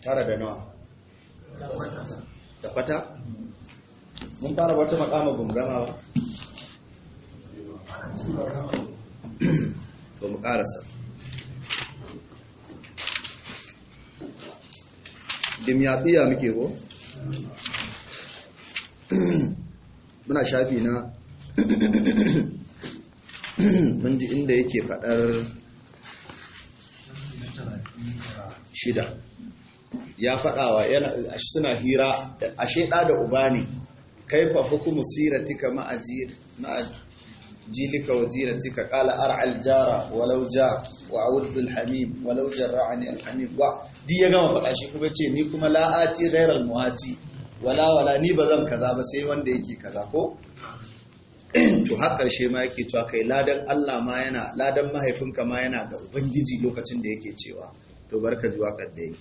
tara da nawa da mun fara wata makama gungama ba to mu karasa dimyatiya muke ko muna shafi na mun ji inda yake fadar shida ya faɗawa suna hira ashe ɗa da uba ne kai fa hukumu siratika ma'ajilika wa jiratika qala ar'al jara walau ja wa awdul hamim walau jarra'ani al hamim wa di ya gama faɗa shi kuma ce ni kuma la'ati ghairal muati wala wala ni ba zan kaza ba sai wanda yake kaza ko to har karshe ma yake cewa kai ladan Allah ma yana ladan mahaifinka ma yana ga ubangiji lokacin da yake cewa to barka zuwa kaddai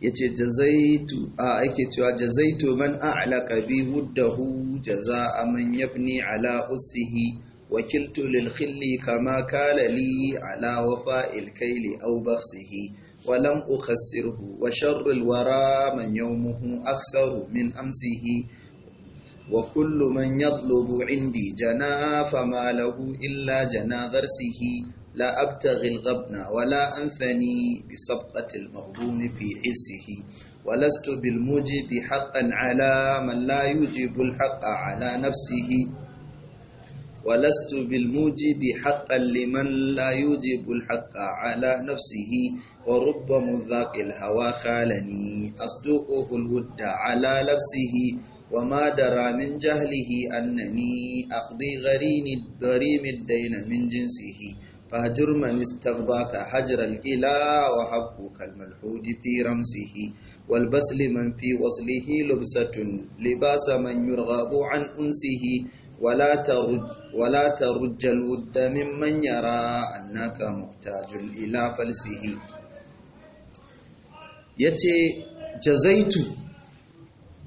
yace jazaitu a ake cewa jazaitu man a'laqa bi huddahu jazaa man yabni ala usihi wakiltu lil khilli kama kala li ala wafa'il kayli aw bakhsihi wa lam ukhassirhu wa sharrul wara man yawmuhu aktharu min amsihi wa kullu man yadlubu indi jana fama lahu illa jana gharsihi لا أبتغي الغبن ولا أنثني بسبقة المغبون في عزه ولست بالموجب حقا على من لا يوجب الحق على نفسه ولست بالموجب حقا لمن لا يوجب الحق على نفسه ورب مذاق الهوى خالني أصدقه الود على لبسه وما درى من جهله أنني أقضي غريم الدين من جنسه فهجر من استغباك هجر الكلا وحبه كالملحود في رمسه والبسل من في وصله لبسة لباس من يرغب عن أنسه ولا ترج ولا ترج الود ممن يرى أنك محتاج إلى فلسه yace jazaitu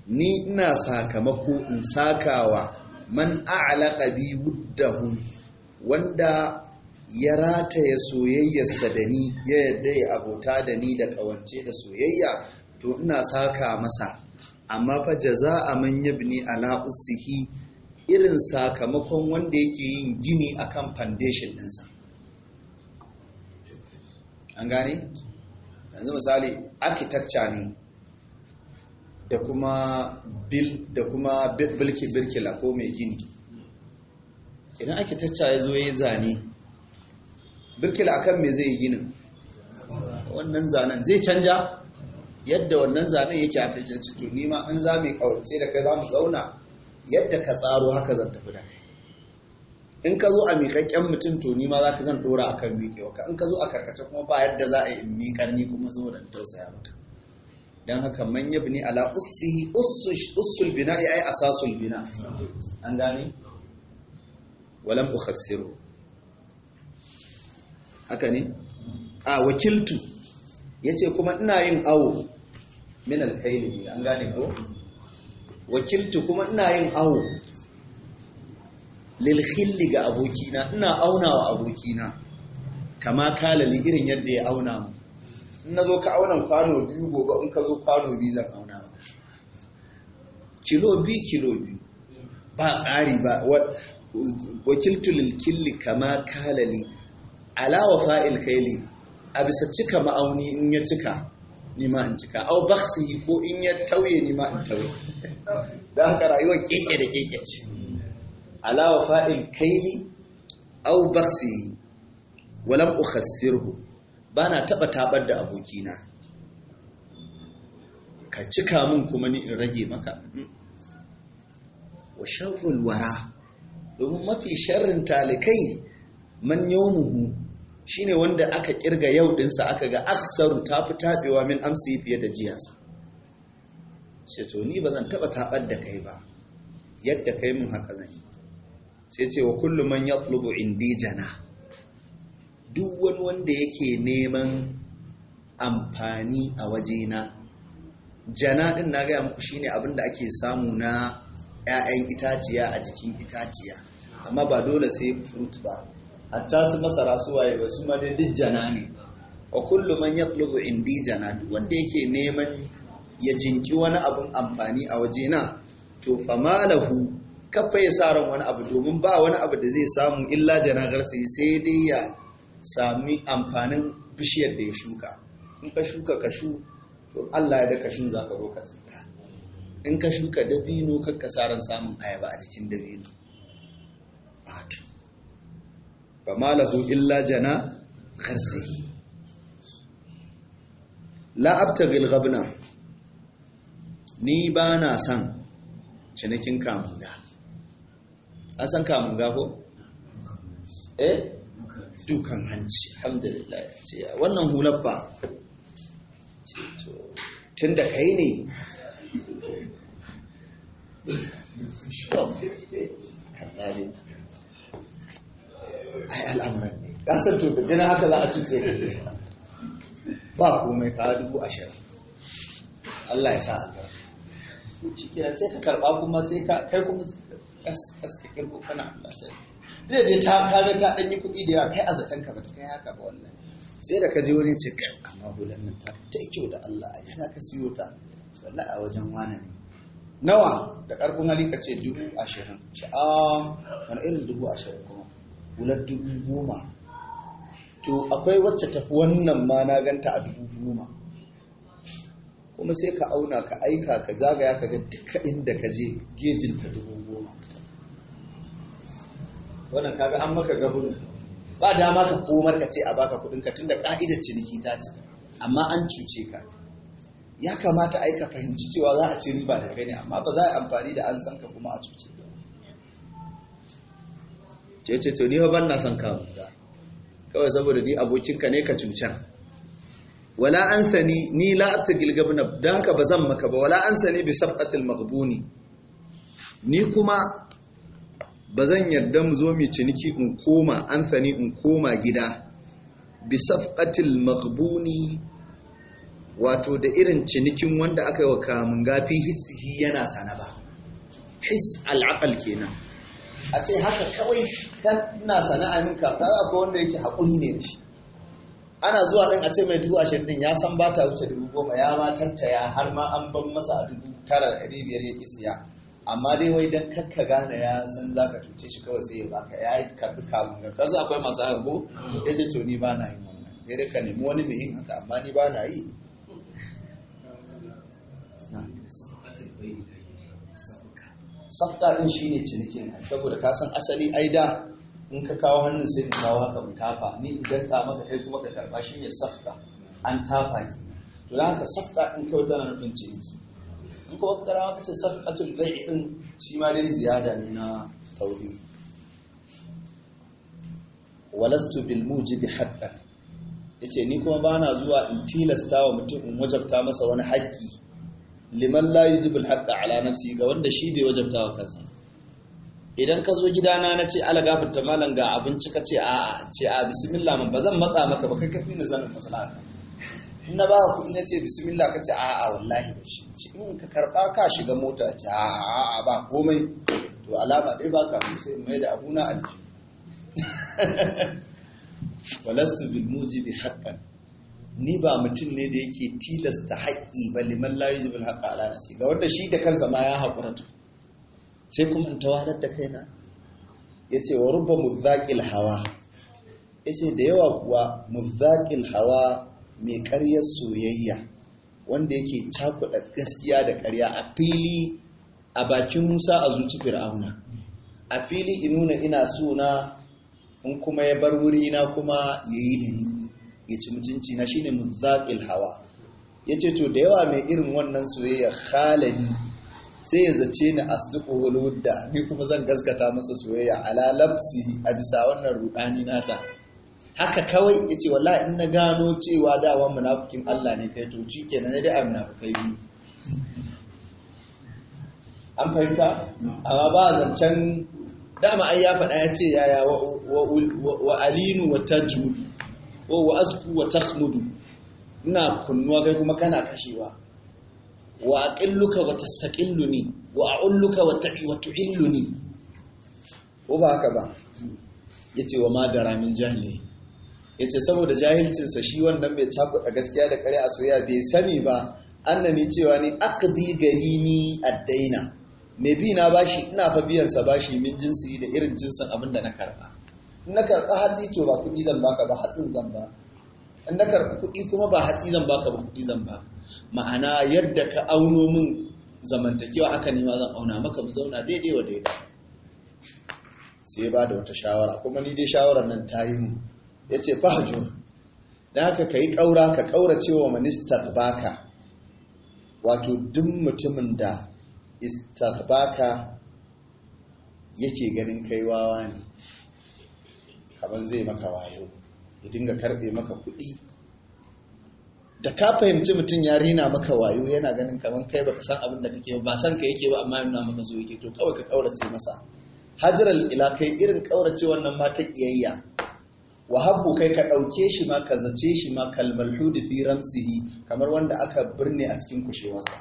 ni ina sakamako in sakawa man a'laqa bi wuddahu wanda ya rataya soyayyarsa da ni ya yadda ya abota da ni da kawance da soyayya to ina saka masa amma fa a manya bini ala ussihi irin sakamakon wanda yake yin gini akan foundation ɗinsa an gane yanzu misali architecture ne da kuma bil da kuma bilki birkila ko mai gini idan architecture ya zo ya yi zane birkila akan me zai yi ginin wannan zanen zai canja yadda wannan zanen yake a kan to nima ma in za mu kawance da kai za mu zauna yadda ka tsaro haka zan tafi da kai in ka zo a miƙaƙƙen mutum to nima ma za ka zan ɗora a kan miƙewa ka in ka zo a karkace kuma ba yadda za a yi in miƙar ni kuma zo da tausaya maka don haka man yabi ni ala ussihi ussul bina yi asasul bina an gane walam ukhassiru haka ne a wakiltu yace kuma ina yin awo min alkaili an gane ko wakiltu kuma ina yin awo lil khilli ga abokina ina aunawa abokina kama kala li irin yadda ya auna mu Ina zo ka auna kwano biyu gobe in ka zo kwano biyu zan auna maka kilo biyu kilo biyu ba ƙari ba wakiltu lil kama kala li alawa fa'il kaili a bisa cika ma'auni in ya cika nima in cika au yi ko in ya tauye nima in tauye da haka rayuwa keke da keke ce alawa fa'il kaili au yi walam ukhassirhu ba na taɓa taɓar da abokina ka cika min kuma ni in rage maka wa sharrul wara domin mafi sharrin talikai man yawmuhu shine wanda aka kirga yau dinsa aka ga aksaru ta fi tabewa min amsi fiye da jiyansa sai to ni ba zan taba tabar da kai ba yadda kai mun haka zan yi sai ce wa kullum man yatlubu indi jana duk wani wanda yake neman amfani a wajena jana din na gaya muku shine abinda ake samu na 'ya'yan itaciya a jikin itaciya amma ba dole sai fruit ba hatta su masara su waye ba su ma dai duk jana ne wa kullu man yatlubu indi jana wanda yake neman ya jinki wani abun amfani a wajena to fa famalahu kafa ya sa ran wani abu domin ba wani abu da zai samu illa janagar sai sai dai ya sami amfanin bishiyar da ya shuka in ka shuka kashu to Allah ya da kashun zaka ka zo ka tsinka in ka shuka dabino kakka sa ran samun ayaba a jikin dabino to ba lahu illa jana kharsi la abtagil ghabna ni ba na san cinikin kamunga an san kamunga ko eh dukan hanci alhamdulillah ce wannan hulaffa tun da kai ne ka san to ganin haka za a cuce ka ba komai ka dubu ashirin Allah ya sa a gara shi kira sai ka karba kuma sai ka kai kuma aska kirko kana Allah sai da je ta kaga ta danyi kuɗi da yawa kai a zaton ka bata kai haka ba wannan sai da ka je wani ce kai amma hulan nan ta ta kyau da Allah a ina ka siyo ta wallahi a wajen wani ne nawa da karfin hali ka ce dubu ashirin ce a ah, wani irin dubu ashirin kuma hular dubu goma to akwai wacce tafi wannan ma na ganta a dubu goma kuma sai ka auna ka aika ka zagaya ka ga duka inda ka je gejin ta dubu goma wannan kaga an maka gabin ba dama ka komar ka ce a baka kudin ka tunda ka'idar ciniki ta cika amma an cuce ka ya kamata aika fahimci cewa za a ci riba da kai ne amma ba za a amfani da an san kuma a cuce ba ce to ni ba ban na son kawai saboda ni abokinka ne ka cucan wala an sani ni la atagil gabna da haka ba zan maka ba wala an sani bi sabqatil maghbuni ni kuma ba zan yarda mu zo mu ciniki in koma an sani in koma gida bi sabqatil maghbuni wato da irin cinikin wanda aka yi wa kamun gafi hissi yana sana ba his al'aqal kenan a ce haka kawai kana sana'a min kafta ko wanda yake haƙuri ne da shi ana zuwa ɗin a ce mai dubu ashirin din. ya san ba ta wuce dubu goma ya ma tattaya har ma an ban masa a dubu tara da ɗari biyar ya ƙi siya amma dai wai dan kakka gane ya san za ka cuce shi kawai sai ya baka ya yi karɓi kamun ga kasu akwai masu haka ko ya ce to ni ba na yi wannan Ya dai ka nemi wani mai yin haka amma ni ba na yi Safta din shine cinikin saboda ka san asali ai da in ka kawo hannun sai ka kawo haka tafa ni in ka maka kai kuma ka karba shine safta an tafa ki to dan haka safta din kawai tana nufin ciniki in kuma ka karawa kace safatul bai'i din shi ma dai ziyada ne na tauhid walastu bil mujibi hatta yace ni kuma bana zuwa in tilasta wa mutum in wajabta masa wani haƙƙi liman la yujibul haqqa ala nafsi ga wanda shi bai wajabta wa kansa idan ka zo gidana na ce ala gafarta malam ga abinci ka ce a'a ce a bismillah man ba zan matsa maka ba kai ka fi sanin maslaha in na ba kuɗi na ce bismillah ka ce a'a wallahi ba shi ce in ka karba ka shiga mota ce a'a ba komai to alama dai ba ka sai mai da abuna aljihu walastu bil mujibi haqqan ni ba mutum ne da yake tilasta haƙƙi ba liman Layu yujibul haqqa ala nafsi ga wanda shi da kansa ma ya haƙura ta, sai kuma in tawanar da kaina ce wa rubba muzaƙil hawa Ya ce da yawa kuwa muzaƙil hawa mai ƙaryar soyayya wanda yake cakuɗa gaskiya da ƙarya a fili a bakin Musa a zuci Fir'auna a fili in ina suna in kuma ya bar wuri na kuma yayi da ni ya ci mutunci na shine muzaqil hawa yace to da yawa mai irin wannan soyayya halali? sai ya zace ni asdiqu wudda ni kuma zan gaskata masa soyayya ala labsi a bisa wannan rudani nasa haka kawai yace wallahi in na gano cewa dawa munafikin Allah ne kai to shikenan ne dai a munafikai an fahimta amma ba zancen dama ai ya faɗa ya ce yaya wa alinu wa tajud ko wa asku wa tasmudu ina kunnuwa kai kuma kana kashewa wa aqilluka wa tastaqilluni wa a'ulluka wa ta'i wa tu'illuni ko ba haka ba yace wa madara min jahili yace saboda jahilcinsa shi wannan bai da gaskiya da kare a soyayya bai sani ba annani cewa ni aqdi garimi addaina me bi na bashi ina fa biyan sa bashi min jinsi da irin jinsin abin da na karba in na karɓa hatsi to ba kuɗi zan baka ba hatsin zan ba in na karɓi kuɗi kuma ba hatsi zan baka ba kuɗi zan ba ma'ana yadda ka auno min zamantakewa haka ne ma zan auna maka mu zauna daidai wa daidai sai ba da wata shawara kuma ni dai shawarar nan ta yi mu ya ce fahajun da haka ka yi ƙaura ka ƙaura cewa ministar baka wato duk mutumin da istar baka yake ganin kaiwawa ne kamar zai maka wayo ya dinga karbe maka kuɗi da ka fahimci mutum ya rina maka wayo yana ganin kamar kai baka san abin da kake ba san ka yake ba amma yana maka zo yake to kawai ka kaurace masa hajral ila kai irin kaurace wannan ma ta kiyayya wa habbu kai ka dauke shi ma ka zace shi ma kalmal hudi fi ramsihi kamar wanda aka birne a cikin kushewarsa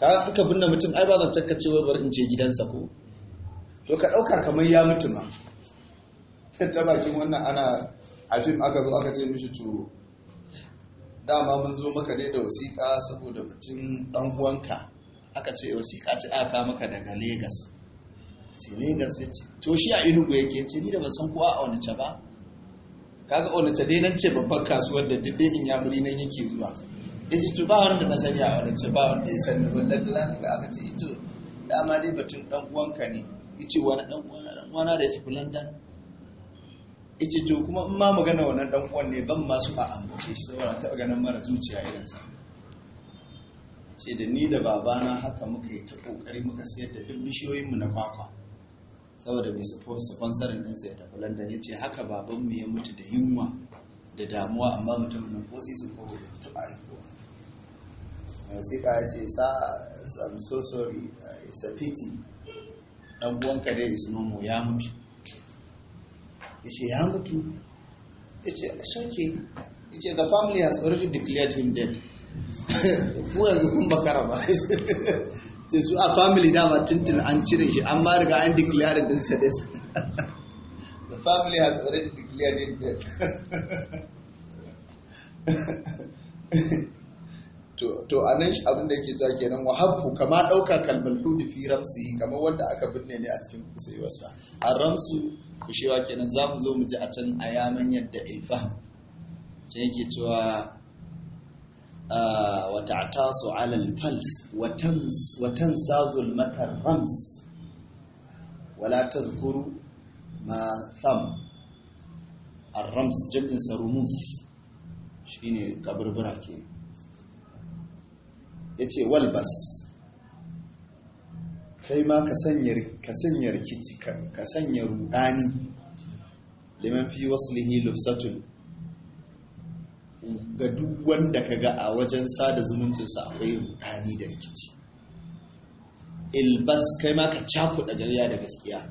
ka aka binne mutum ai ba zan ka wai bari in je gidansa ko to ka dauka kamar ya mutuma. ta bakin wannan ana a fim aka zo aka ce mishi to dama mun zo maka ne da wasiƙa saboda mutum ɗan uwanka aka ce wasiƙa ce aka maka daga Legas. ce Legas ya ce to shi a Enugu yake ce ni da basan san kowa a Onitsha ba kaga Onitsha dai nan ce babbar kasuwar da duk ya inyamuri nan yake zuwa yace to ba wanda na sani a Onitsha ba wanda ya sani wannan da nan da aka ce ito dama dai batun ɗan'uwanka uwanka ne yace wani ɗan'uwana uwana da tafi London Ice to kuma in ma magana wannan dan uwan ne ban masu a ambace shi saboda taɓa ganin mara zuciya irin sa ce da ni da babana haka muka yi ta kokari muka sayar da duk mu na kwakwa saboda mai sponsorin ɗinsa ya tafi london ya ce haka babanmu ya mutu da yunwa da damuwa amma mutum nan ko sai su ko da taɓa aikowa sai ka ce sa I'm so sorry uh, it's a pity ɗan uwanka dai is mu ya mutu ya ce ya mutu ya ce shoke ya ce the family has already declared him dead ku yanzu kun bakara ba ce su a family dama tuntun an cire shi an ma riga an declare din sa dead the family has already declared him dead to a nan abin da ke ja kenan wa habbu kama ɗauka kalmar hudu fi ramsi kamar wanda aka binne ne a cikin kusurwarsa a ramsu kushewa kenan za mu zo mu ji a can a yaman yadda ifa can yake cewa ah, wata taso alal fals wa tans matar rams wala tadhkuru ma tham a rams shi ne shine kaburbura ya yace walbas kai ma ka sanya rikici ka sanya rudani liman fi waslihi lufsatun ga duk wanda ka ga a wajen sada zumuncinsa akwai rudani da rikici ilbas kai ma ka da gariya da gaskiya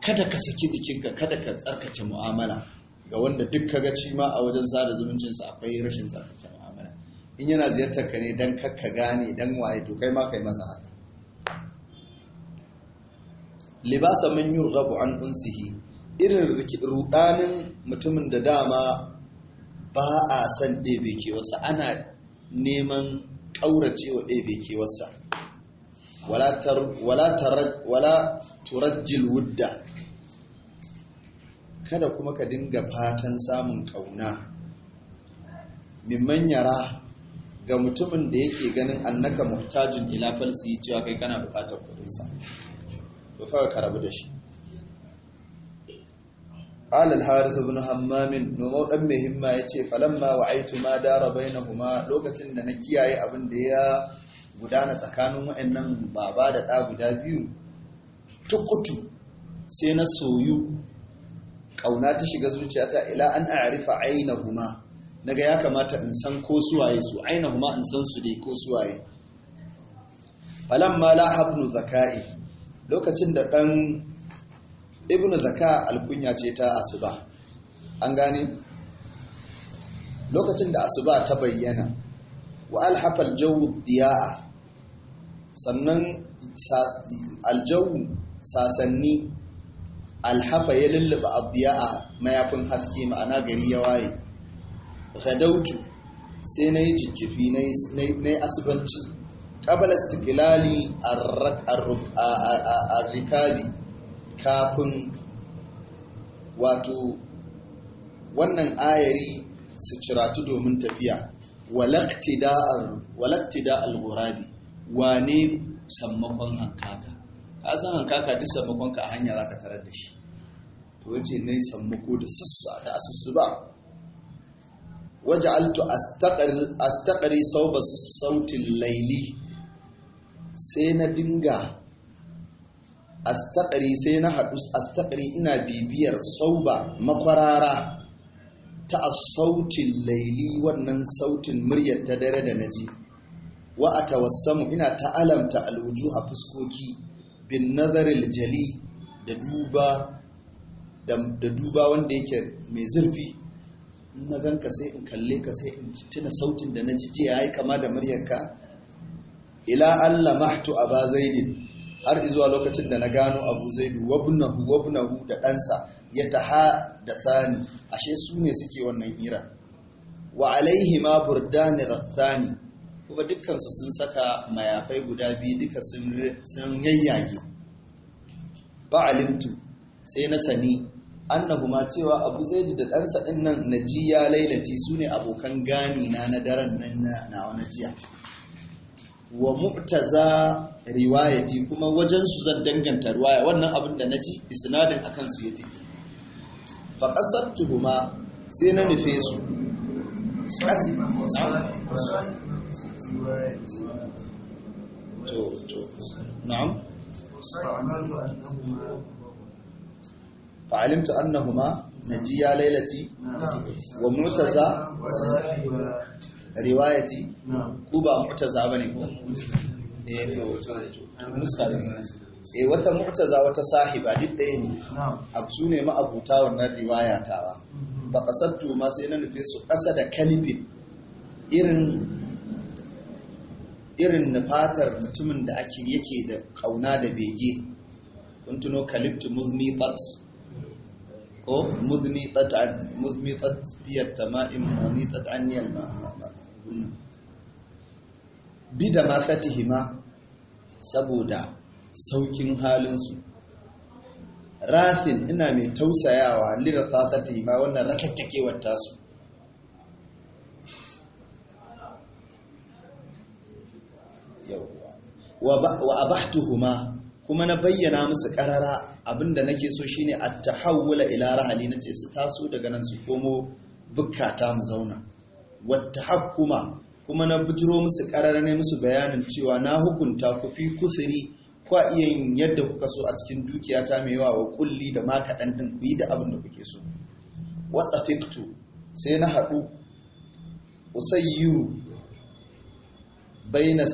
kada ka saki jikinka kada ka tsarkace mu'amala ga wanda duk ka ga ma a wajen sada zumuncinsa akwai rashin tsarkace mu'amala in yana ziyartar ka ne don kakka gane don waye to kai ma kai masa haka libasa man yurghabu an unsihi irin rudanin mutumin da dama ba a san ɗebe wasa, ana neman ƙauracewa ɗebe wasa. wala turajjil wudda kada kuma ka dinga fatan samun ƙauna mimman yara ga mutumin da yake ganin annaka muhtajin ila falsi cewa kai kana buƙatar kuɗinsa to kawai ka rabu da shi قال الحارث بن همام نمو دان mai himma yace falamma wa'aitu ma dara bainahuma lokacin da na kiyaye abin da ya gudana tsakanin wayannan baba da da guda biyu tukutu sai na soyu kauna ta shiga zuciyata ila an a'rifa ainahuma naga ya kamata in san ko suwaye su ainahuma in san su dai ko suwaye falamma la habnu zakai lokacin da ɗan ibn zaka alkunya ce ta asuba an gane lokacin da asuba ta bayyana wa alhafal jawu diya'a sannan aljawu sasanni alhafa ya lullaba abdiya'a mayafin haske ma'ana gari ya waye gadautu sai na yi jijjifi na yi asubanci qabala istiqlali a rikabi kafin wato wannan ayari su ciratu domin tafiya walaktida al-gurabi wane sammakon hankaka ka san hankaka duk sammakon ka a hanya za ka tarar da shi to yace ne sammako da sassa da asusu ba a astaqri sau sauba sautin laili sai na dinga astaƙari sai na haɗu astaƙari ina bibiyar sauba makwarara ta a sautin laili wannan sautin muryar ta dare da naji wa a tawassamu ina ta'alamta alwuju a fuskoki bin nazaril jali da duba da duba wanda yake mai zurfi in na ganka sai in kalle ka sai in tuna sautin da na ji ya yi kama da muryarka ila Allah mahtu aba zaidin har izuwa lokacin da na gano abu zaidu wabnahu wabnahu da ɗansa ya taha da tsani ashe su ne suke wannan hira wa alaihi ma burdani rathani kuma dukkansu sun saka mayafai guda biyu duka sun yayyage ba alimtu sai na sani annahuma cewa abu zaidu da ɗansa ɗin nan na jiya lailati su ne abokan gani na na daren nan na wani jiya wa mu'taza riwayati kuma wajen su zan danganta riwaya wannan abin da naji isnadin akan su ya tafi? fa qasadtuhuma sai na nufe su to to na'am fa'alimtu annahuma najiya lailati wa mu'taza riwayati ku ba mu'taza bane ko eh to to muska da mana eh wata mu'taza wata sahiba duk ɗaya ne absu ne ma abuta wannan riwaya ta ba ba qasadtu ma sai na nufi su kasa da kalifin irin irin nufatar mutumin da ake yake da kauna da bege kun tuno kaliftu muzmitat ko muzmitat an muzmitat biyat tama'im munitat an yalma Bi bida tuhima saboda saukin halinsu rafin ina mai tausayawa lira tsatattihima wannan rakattakewar tasu wa bahtuhuma kuma na bayyana musu karara abinda nake so shine at ilara ila na ce su taso daga nan su komo bukata mu zauna wata hakuma kuma na bujiro musu ƙarara ne musu bayanin cewa na hukunta ku fi kusuri kwa iya yadda kuka so a cikin dukiya ta mai yawa wa kulli da ma kaɗan ɗin ku yi da abin da kuke so wata fiktu sai na haɗu usayyu baina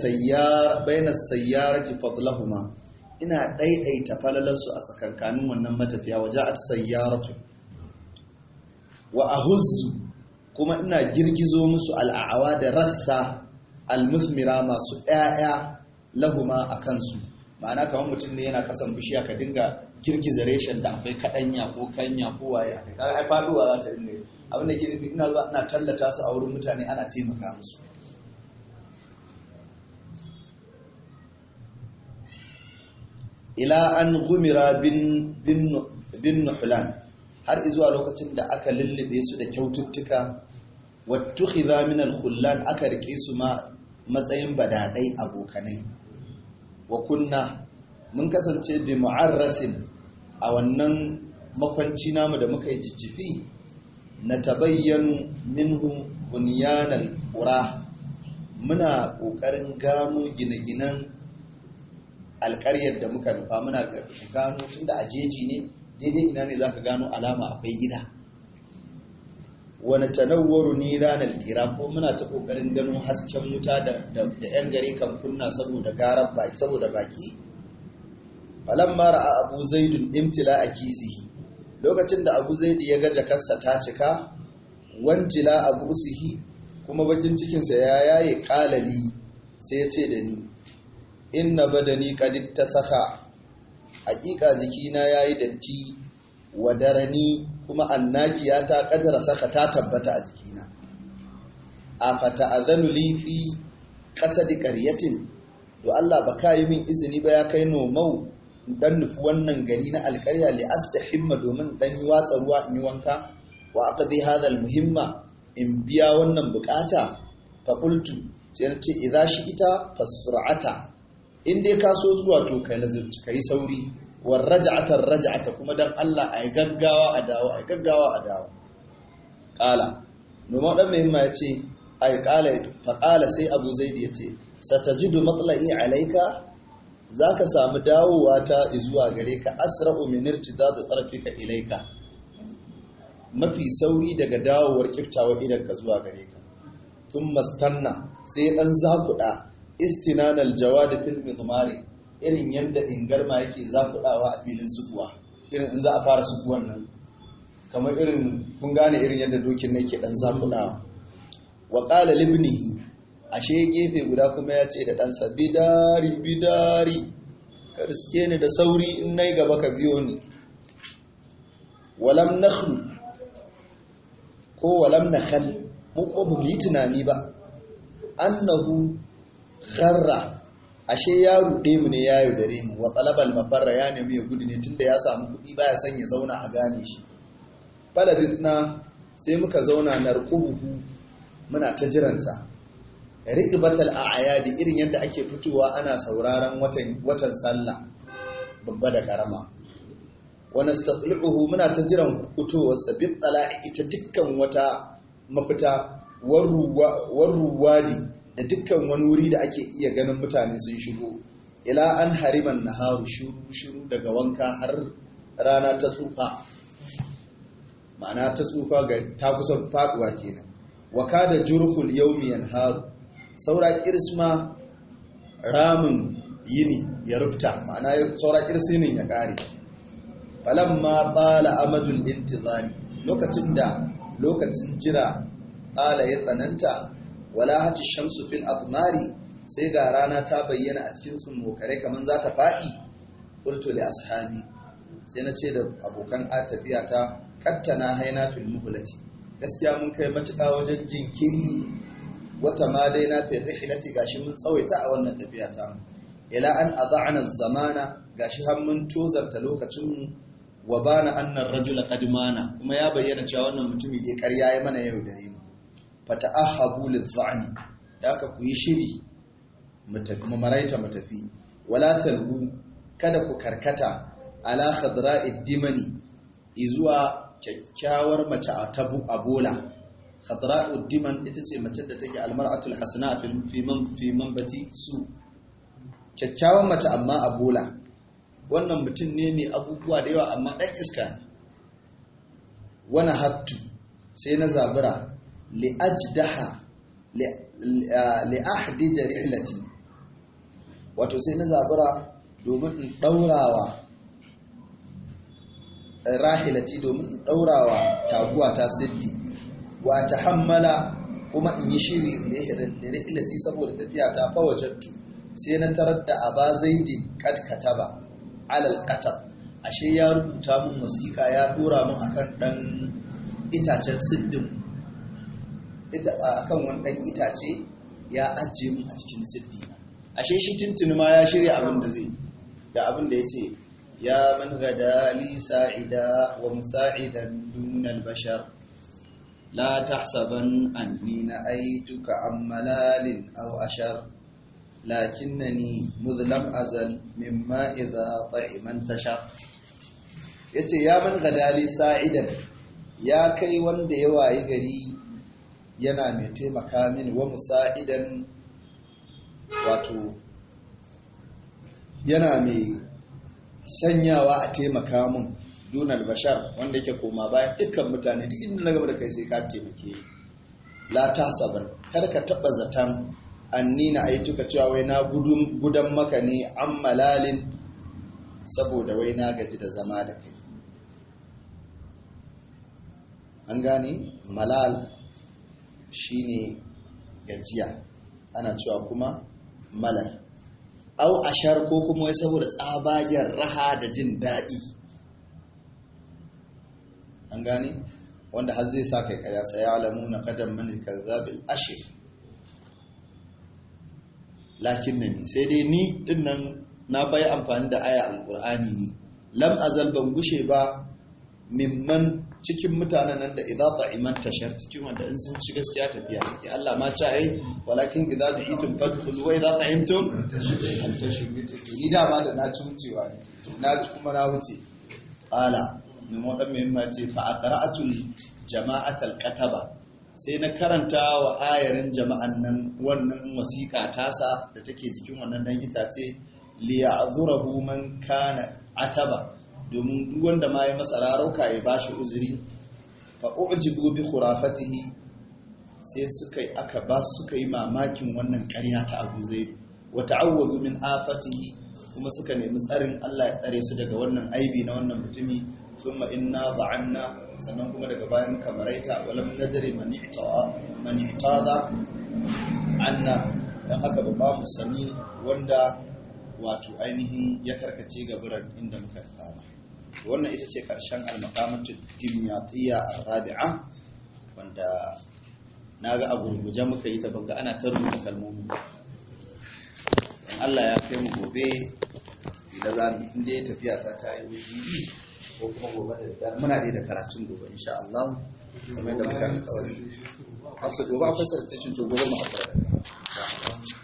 sayyarati fadlahuma ina ɗaiɗaita falalarsu a tsakankanin wannan matafiya waje a sayyaratu wa ahuzzu kuma ina girgizo musu al'awa da rassa almuthmira masu ɗaya lahuma a kansu ma'ana kamar mutum ne yana kasan bishiya ka dinga girgiza reshen da akwai kaɗanya ko kanya ko waya ka ai faduwa za ta dinga abin da ke nufi ina zuwa tallata su a wurin mutane ana taimaka musu ila an gumira bin nuhlan har izuwa lokacin da aka lullube su da kyaututtuka khiza min al-khullan aka rike su ma matsayin badadai abokanai wa kunna mun kasance bi mu'arrasin a wannan makwanci namu da muka yi jijjifi na tabayyanu minhu al qura muna kokarin gano gine-ginen alƙaryar da muka nufa muna gano tunda ajeji ne daidai ina ne za ka gano alama akwai gida wani tanawar ni ranar kira ko muna ta kokarin ganin hasken wuta da yan gari kan kunna saboda garar baki saboda baki mara a abu zaidun imtila a kisihi lokacin da abu ya ga jakarsa ta cika wantila a gusihi kuma bakin cikinsa ya yaye kalali sai ya ce da ni inna badani ta saka hakika jikina yayi datti wadarani kuma annakiya ta kadara saka ta tabbata a jikina afata azanu li fi qasadi qaryatin to Allah ba ka yi min izini ba ya kai nomau dan nufi wannan gari na alƙarya li astahimma domin dan yi watsa ruwa in yi wanka wa aqdi hadha muhimma in biya wannan bukata fa qultu sai nace ce ita fasur'ata in dai ka so zuwa to kai ka kai sauri war raj'atar raj'ata kuma dan Allah ai gaggawa a dawo yi gaggawa a dawo qala noma dan muhimma yace ai ƙala ta qala sai Abu ya ce sata Zaid yace satajidu matla'i za ka samu dawowa ta zuwa gare ka asra'u min irtidad ka ilaika mafi sauri daga dawowar kiftawa idan ka zuwa gare ka tun mastanna sai ɗan zakuɗa istinan jawad fil midmari irin yadda ingarma yake zafudawa a filin sukuwa irin in za a fara sukuwan nan kamar irin kun gane irin yadda dokin na ke dan zafudawa wa qala libnihi ashe gefe guda kuma ya ce da ɗansa sabidari bidari karske riske ni da sauri in nai gaba ka biyo ni walam nakhlu ko walam nakhal mu kuma bu yi tunani ba annahu gharra ashe ya ruɗe mu ne ya yaudare mu wa talabal mafarra ya nemi ya gudu ne tunda ya samu kuɗi baya son ya zauna a gane shi falabisna sai muka zauna na narqubuhu muna ta jiransa batal a a'yadi irin yadda ake fitowa ana sauraron watan watan sallah babba da karama wani nastatli'uhu muna ta jiran fitowar sa tsala, ita dukkan wata mafita warruwadi da dukkan wani wuri da ake iya ganin mutane sun shigo ila an hariman naharu shuru shuru daga wanka har rana ta tsufa ma'ana ta tsufa ga ta kusan faduwa kenan waka da jurful yaumi Haru. saura kirsma ramin yini ya rufta ma'ana saura kirsinin ya kare ma tsala amadul intizani lokacin da lokacin jira tsala ya tsananta wala hati shamsu fil aqmari sai ga rana ta bayyana a cikin tsumokare kamar za ta faɗi qultu li ashabi sai na ce da abokan a tafiya ta na haina fil muhlati gaskiya mun kai matuƙa wajen jinkiri wata ma dai na fi rihilati gashi mun tsawaita a wannan tafiya ta ila an adana zamana gashi har mun tozarta lokacin mu wa bana annar rajula qad mana kuma ya bayyana cewa wannan mutumi dai ƙarya ya mana yau da yau fata'ahabu lizza'ni haka ku yi shiri mutafi maraita mutafi wala talbu kada ku karkata ala khadra'id dimani izuwa kyakkyawar mace a tabu abola khadra'ud diman ita ce mace da take almar'atu alhasana fi man fi manbati su kyakkyawar mace amma abola wannan mutum ne mai abubuwa da yawa amma dan iska wana wani hattu sai na zabura li'ajdaha li'ahdija rihlati wato sai na zabura domin in rahilati domin in ɗaurawa taguwa ta siddi wa kuma in yi shiri lati saboda tafiya ta fawajattu sai na tarar da aba zaidi kad kataba alal qatab ashe ya rubuta min wasiƙa ya ɗora min akan ɗan itacen siddin ya taɓa kan wani ɗan itace ya ajiye mu a cikin sirri ashe shi tuntuni ma ya shirya abin da zai da abin da ya ce ya man gada li sa'ida wa musa'idan dunal bashar la tahsaban anni na'aituka an malalin aw ashar lakinnani muzlam azal mimma idza ta'iman tashar yace ya man gada li sa'idan ya kai wanda ya wayi gari yana mai taimaka mini wa musa'idan wato yana mai sanyawa a taimaka mun dunar bashar wanda yake koma bayan dukkan mutane duk inda na gaba da kai sai ka taimake la ta saban kar ka taba zatan anni na tuka cewa wai na gudan maka ne an malalin saboda wai na gaji da zama da kai an gane malal shine gajiya ana cewa kuma malar au ashar ko kuma wai saboda tsabagen raha da jin daɗi an gane wanda har zai sa kai kada sai alamu na kadan mani kazzabil ashir lakin nan sai dai ni nan na bai amfani da aya alqur'ani ne lam azal ban gushe ba mimman cikin mutanen nan da idza ta'imat tashar cikin wanda in sun ci gaskiya tafiya suke Allah ma ta yi walakin idza du'itum fadkhulu wa idza ta'imtum tashar ni da ma da na tucewa ne na kuma na wuce qala ni mu dan mai ce fa aqra'atul jama'atul kataba sai na karanta wa ayarin jama'an nan wannan wasiƙa tasa da take jikin wannan dan itace li ya'zurahu man kana ataba domin duk wanda ma ya masa rarauka ya bashi uzuri fa ujibu bi khurafatihi sai suka yi aka ba suka yi mamakin wannan ƙarya ta Abu Zaid wa ta'awwazu min afatihi kuma suka nemi tsarin Allah ya tsare su daga wannan aibi na wannan mutumi thumma inna za'anna sannan kuma daga bayan kamaraita walam nadri man i'tawa man anna dan haka ba mu sani wanda wato ainihin ya karkace ga inda muka wannan ita ce ƙarshen almakamatu dimyatiyya a rabi'a wanda na ga a gurguje muka yi ta ana ta rubuta kalmomi allah ya kai mu gobe da za mu inda ya tafiya ta ta yi wuji ko kuma gobe da dare muna dai da karatun gobe insha allah kuma yadda muka alƙawari hafsa gobe akwai sarkacin to gobe mu akwai